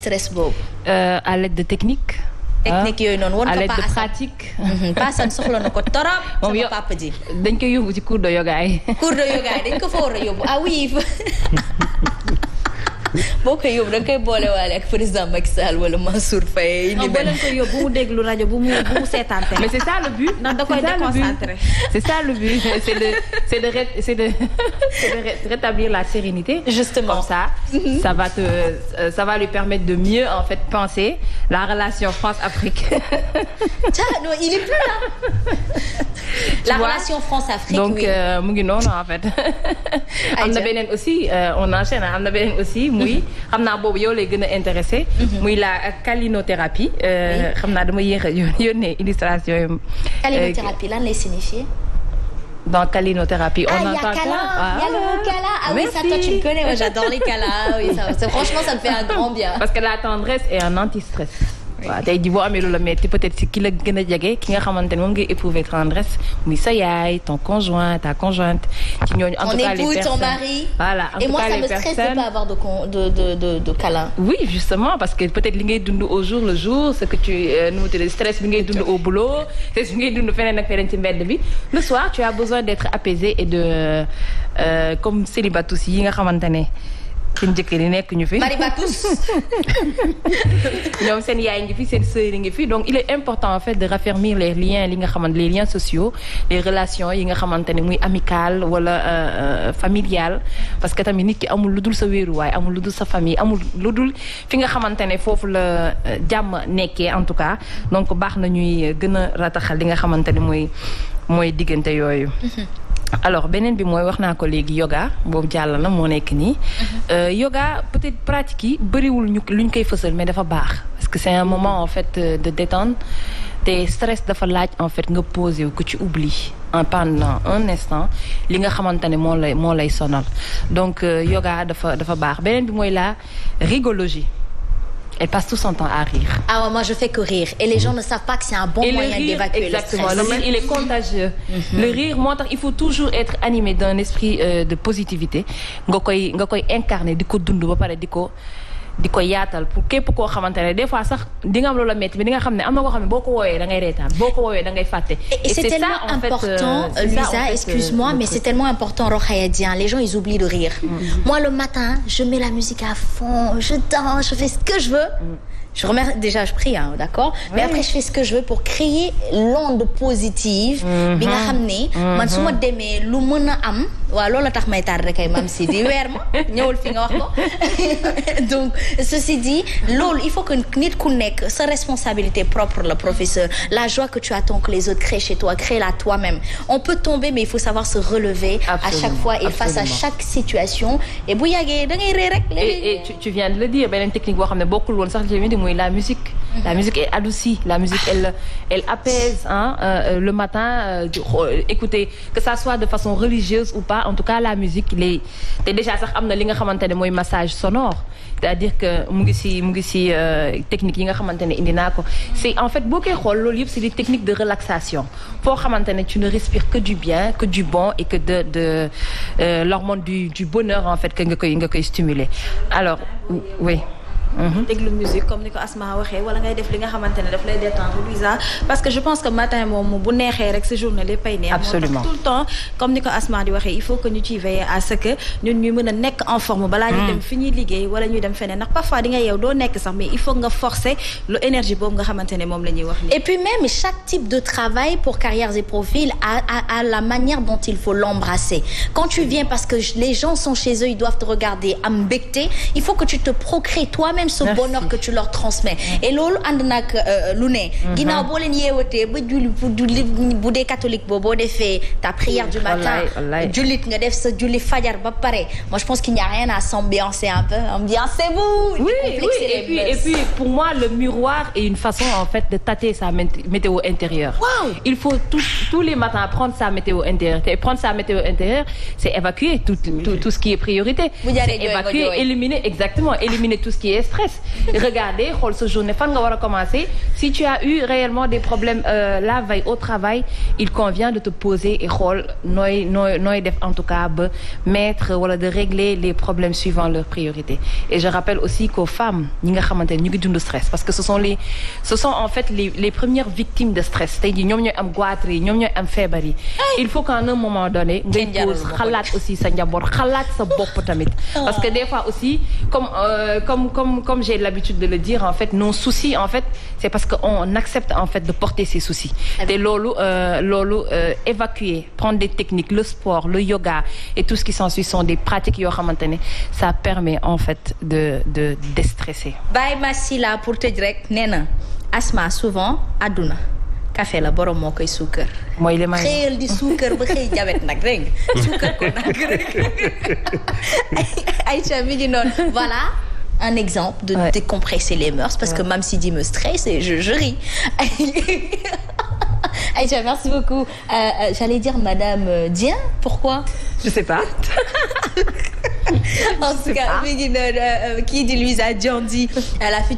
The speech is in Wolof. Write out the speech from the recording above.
stress boobu. Euh, à l'aide de technique. technique yooyu noonu wan ko à l'aide de pratique. Mhm, Paasan soxla na ko torop. moom sama papa ji dañ koy yóbbu ci cours de yoga yi. cours de yoga yi dañ ko fa war a yóbbu ah oui. boo koy yóbbu da nga koy boolewaale ak président Macky Sall wala Mansour Faye. non boo leen koy yóbbu bu mu déglu rajo bu mu bu mu seetaan mais c'est ça le but. ndax da koy déconcentré c'est ça le but c'est le c'est de c'est de, de rétablir la sérénité. Justement comme ça. Mhm. ça va te euh, lui permettre de mieux en fait penser la relation France-Afrique. ah non il est plus là. la relation France-Afrique. donc euh, mu ngi noonu en fait. am na beneen aussi euh, on enchaîne am na beneen aussi muy mhm. xam naa boobu yow lay gën a intéressé. Mhm. muy la calinothérapie. xam naa dama yéex a yónnee illustration yi. calinothérapie lan lay signifier. dans Kalinothérapie. On ah, il y a Kala, il y a ah. le mot Kala. Ah Merci. oui, ça, toi, tu me connais. Ouais, j'adore les Kala. Ah oui, ça, franchement, ça me fait un grand bien. Parce que la tendresse est un anti-stress. waaw tey ji boo amee lu la metti peut-être si ki la gën a jege ki nga xamante ne moom ngay éprouver tendresse muy sa yaay ton conjoint ta conjointe. ci ñooñu en épouse ton mari. voilà en tout cas les et moi ça me stresse de pas avoir de con de de oui justement parce que peut-être li ngay dund au jour le jour ce que tu euh, nu mu tuddee stress bi ngay dund au boulot stress dund feneen ak ci mbedd bi le soir tu as besoin d'être apaisé et de euh, comme célibatus yi nga xamante ne. suñ jëkkër yi nekk ñu fi. Marie Batous ñoom seen yaay ngi fi seen sœur ngi fi donc il est important en fait de raffermir les liens li nga xamante les liens sociaux les relation yi nga xamante ne muy amical wala euh, euh, familial parce que tamit nit ki amul lu dul sa wéeruwaay amul lu dul sa famille amul lu dul fi nga xamante ne foofu la euh, jàmm nekkee en tout cas donc baax na ñuy gën a rataxal li nga xamante ne mooy mooy diggante yooyu. Mm-hmm. alors beneen bi mooy wax naa ko léegi yoga boobu jàll na moo nekk nii. Mhm. Euh, yoga peut-être pratique yi bëriwul ñu luñ koy fësal mais dafa baax parce que c'est un en fait euh, de détente te stress dafa laaj en fait nga posé wu ko ci oubli en pendant un instant li nga xamante ne moo lay moo lay sonal donc euh, yoga dafa dafa baax beneen bi mooy la rigologie. elle passe tout son temps à rire. ah ouais, moi je fais que rire et les gens ne savent pas que c'est un bon et moyen d'évacuer le stress. exactement le rire il est contagieux. Mhm. le rire moo tax il faut toujours être animé d'un esprit euh, de positivité nga koy nga koy incarner di ko dund ba pare di ko. di koy yaatal pour képp koo xamante ne des fois sax di nga am loola métti bi di nga xam ne am na koo ne boo ko woowee da ngay reetaan boo ko woowee da ngay fàtte. et c'est tellement important Luisa excuse-moi mais c'est tellement important Rokhaya Dieng les gens ils oublient de rire. Mm. moi le matin je mets la musique à fond je danse je fais ce que je veux. Mm. je remercie déjà je prie d'accord mais après je fais ce que je veux pour créer l'onde positive. Mm-hmm. bi nga xam ne mm-hmm. man su ma demee lu mën a am. waaw loolu tax may tardé kay maam si di weer ma ñëwul fi nga wax ko donc ceci dit loolu il faut que nit ku nekk sa responsabilité propre la professeur la joie que tu attends que les autres créent chez toi crée-la toi-même on peut tomber mais il faut savoir se relever à chaque fois et absolument. à chaque situation et bu yàggee da ngay rek et tu viens de le dire beneen technique boo xam ne bokkul woon sax li di la musique la musique elle adoucit la musique elle elle apaise hein, euh, euh le matin euh, oh, écoutez que ça soit de façon religieuse ou pas en tout cas la musique les te déjà sax am na li nga xamante ne mooy massage sonore c'est-à-dire que mu ngi si mu ngi si euh, technique yi nga xamante ne indi naa ko c'est en fait boo koy xool loolu yëpp c'est des techniques de relaxation foo xamante ne tu ne respires que du bien que du bon et que de de euh, l'hormone du bonheur en fait que nga koy nga koy stimuler alors oui déglu musique comme ni ko Asma waxee wala ngay def li nga xamante ne daf lay détendre Louisa parce que je pense que matin moom bu neexee rek sa journée léppay neex. tout le temps comme ni ko Asma di waxee il faut que ñu ciy veiller à ce que ñun ñu nekk en forme. balaa ñu hmm. dem fi ñuy wala ñuy dem feneen ndax parfois di nga yeew nekk sax mais il faut nga forcer énergie boobu nga xamante ne moom la ñuy et puis même chaque type de même ce Merci. bonheur que tu transmets mm. et loolu ànd nag euh, lu ne mm-hmm. ginnaaw boo leen yeewatee ba julli bu julli bu dee catholique boo boo defee ta prière du matin jullit nga def sa julli fajar ba pare moi je pense qu'il n'y a rien à s'ambiancer un peu ah, oui, pour moi le miroir est une façon en fait de tâter sa météo intérieure il faut tout, tous les matins prendre sa météo intérieure et prendre sa météo intérieure c'est évacuer tout, tout, ce qui est priorité évacuer éliminer exactement éliminer tout ce qui est stress regardez xool sa journée fan nga war a commencer si tu as eu réellement des problèmes euh, la veille au travail il convient de te poser et xool nooy nooy nooy def en tout cas ba mettre wala de régler les problèmes suivant leur priorité et je rappelle aussi qu'aux femmes ñi nga xamante ni ñu ngi dund stress parce que ce sont les ce sont en fait les les premières victimes de stress tey jii ñoom ñooy am goitre yi ñoom ñooy am feebar yi il faut qu'en un moment donné ngay pose xalaat aussi sa sa bopp tamit comme comme j'ai l'habitude de le dire en fait nos soucis en fait c'est parce que accepte en fait de porter ses soucis ah te loolu euh, euh, évacuer prendre des techniques le sport le yoga et tout ce qui s'ensuit sont des pratiques yoo xamante ne ça permet en fait de de déstresser Baye Massila pour tëj rek nee na asma souvent àdduna café la borom moo koy suukar. mooy li may xëyal di suukar ba xëy jabet nag dégg nga. suukar ko nag rek Aïcha mi un exemple de ouais. décompresser les mœurs parce ouais. que même si dit me stresse et je, je ris. Aïcha, merci beaucoup. Euh, euh J'allais dire Madame euh, Dien, pourquoi Je sais pas. en tout cas, kii euh, di Louisa Dior dit à la future